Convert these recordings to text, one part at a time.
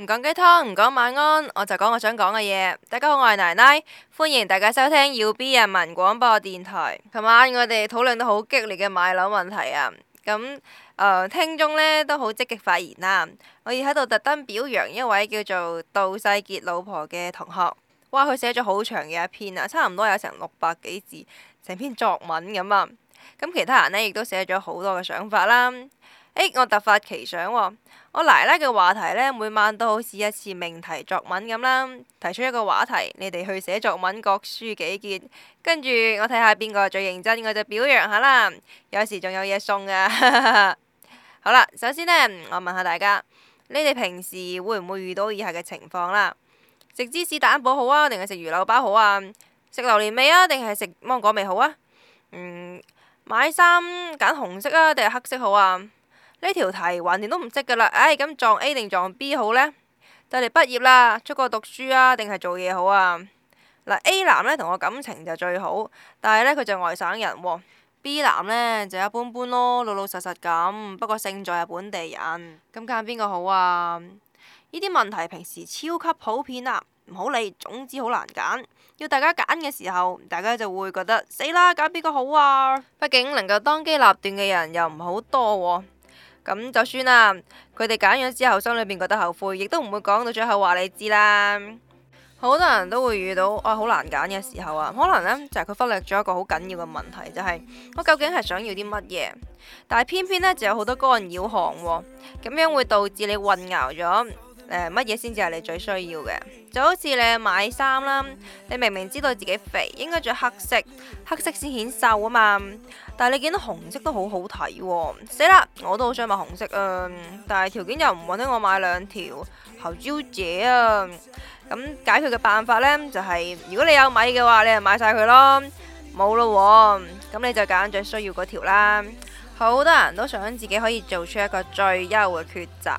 唔講雞湯，唔講晚安，我就講我想講嘅嘢。大家好，我係奶奶，歡迎大家收聽要 B 人民廣播電台。琴晚我哋討論到好激烈嘅買樓問題啊！咁、嗯、誒聽眾呢都好積極發言啦。我要喺度特登表揚一位叫做杜世傑老婆嘅同學，哇！佢寫咗好長嘅一篇啊，差唔多有成六百幾字，成篇作文咁啊。咁其他人呢亦都寫咗好多嘅想法啦。欸，我突發奇想喎，哦！我奶奶嘅話題呢，每晚都好似一次命題作文咁啦，提出一個話題，你哋去寫作文各書幾件，各抒己見。跟住我睇下邊個最認真，我就表揚下啦。有時仲有嘢送噶。 好啦，首先呢，我問下大家，你哋平時會唔會遇到以下嘅情況啦？食芝士蛋堡好啊，定係食魚柳包好啊？食榴蓮味啊，定係食芒果味好啊？嗯，買衫揀紅色啊，定係黑色好啊？呢條題橫掂都唔識噶啦，唉、哎，咁撞 A 定撞 B 好呢？就嚟畢業啦，出國讀書啊，定係做嘢好啊？嗱，A 男呢同我感情就最好，但係呢，佢就外省人、哦、；B 男呢，就一般般咯，老老實實咁，不過勝在係本地人。咁揀邊個好啊？呢啲問題平時超級普遍啦、啊，唔好理，總之好難揀。要大家揀嘅時候，大家就會覺得死啦，揀邊個好啊？畢竟能夠當機立斷嘅人又唔好多、啊。咁就算啦，佢哋揀咗之後，心裏邊覺得後悔，亦都唔會講到最後話你知啦。好多人都會遇到啊，好、哎、難揀嘅時候啊，可能呢，就係、是、佢忽略咗一個好緊要嘅問題，就係、是、我究竟係想要啲乜嘢？但係偏偏呢，就有好多干擾項喎、啊，咁樣會導致你混淆咗。乜嘢先至係你最需要嘅？就好似你買衫啦，你明明知道自己肥，應該着黑色，黑色先顯瘦啊嘛。但係你見到紅色都好好睇喎，死啦！我都好想買紅色啊，但係條件又唔允得我買兩條，好蕉姐啊。咁解決嘅辦法呢，就係、係、如果你有米嘅話，你就買晒佢咯。冇咯啊，咁你就揀最需要嗰條啦。好多人都想自己可以做出一個最優嘅抉擇。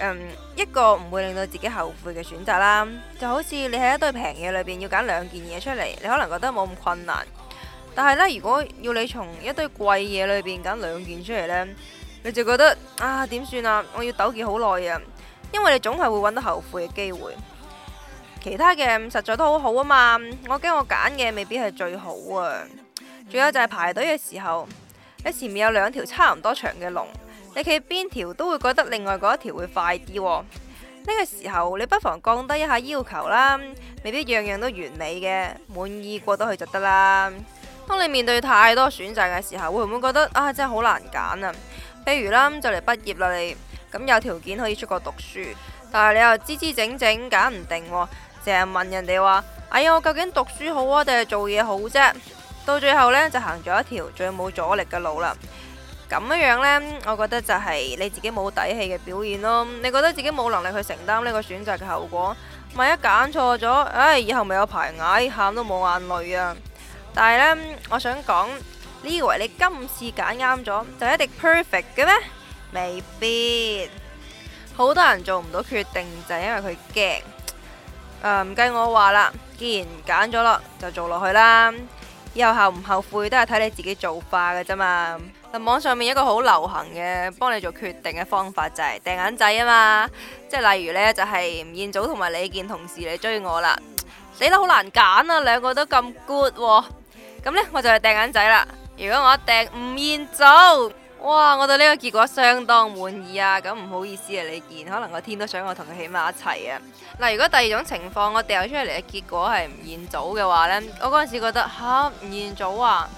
Um, 一個唔會令到自己後悔嘅選擇啦，就好似你喺一堆平嘢裏邊要揀兩件嘢出嚟，你可能覺得冇咁困難。但係呢，如果要你從一堆貴嘢裏邊揀兩件出嚟呢，你就覺得啊，點算啊？我要糾結好耐啊，因為你總係會揾到後悔嘅機會。其他嘅實在都好好啊嘛，我驚我揀嘅未必係最好啊。仲有就係排隊嘅時候，你前面有兩條差唔多長嘅龍。你企邊條都會覺得另外嗰一條會快啲，呢個時候你不妨降低一下要求啦，未必樣樣都完美嘅，滿意過得去就得啦。當你面對太多選擇嘅時候，會唔會覺得啊，真係好難揀啊？譬如啦，就嚟畢業啦，你咁有條件可以出國讀書，但係你又支支整整揀唔定，淨係問人哋話，哎呀，我究竟讀書好啊定係做嘢好啫？到最後呢，就行咗一條最冇阻力嘅路啦。咁樣樣呢，我覺得就係你自己冇底氣嘅表現咯。你覺得自己冇能力去承擔呢個選擇嘅後果，萬一揀錯咗，唉、哎，以後咪有排捱，喊都冇眼淚啊！但係呢，我想講你以為你今次揀啱咗就一定 perfect 嘅咩？未必。好多人做唔到決定就係、是、因為佢驚。唔、呃、計我話啦，既然揀咗咯，就做落去啦。以後後唔後悔都係睇你自己做法嘅啫嘛。網上面一個好流行嘅幫你做決定嘅方法就係掟銀仔啊嘛，即係例如呢，就係吳彥祖同埋李健同時嚟追我啦，死得好難揀啊，兩個都咁 good 喎，咁呢我就係掟銀仔啦。如果我一掟吳彥祖，哇，我對呢個結果相當滿意啊，咁唔好意思啊李健，可能個天都想我同佢起碼一齊啊。嗱，如果第二種情況我掟出嚟嘅結果係吳彥祖嘅話呢，我嗰陣時覺得吓，吳彥祖啊。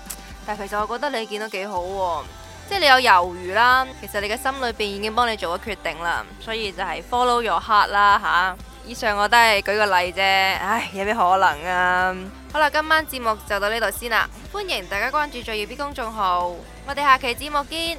但其實我覺得你見到幾好喎、啊，即係你有猶豫啦，其實你嘅心裏邊已經幫你做咗決定啦，所以就係 follow your heart 啦嚇。以上我都係舉個例啫，唉，有咩可能啊？好啦，今晚節目就到呢度先啦，歡迎大家關注最熱 B 公眾號，我哋下期節目見。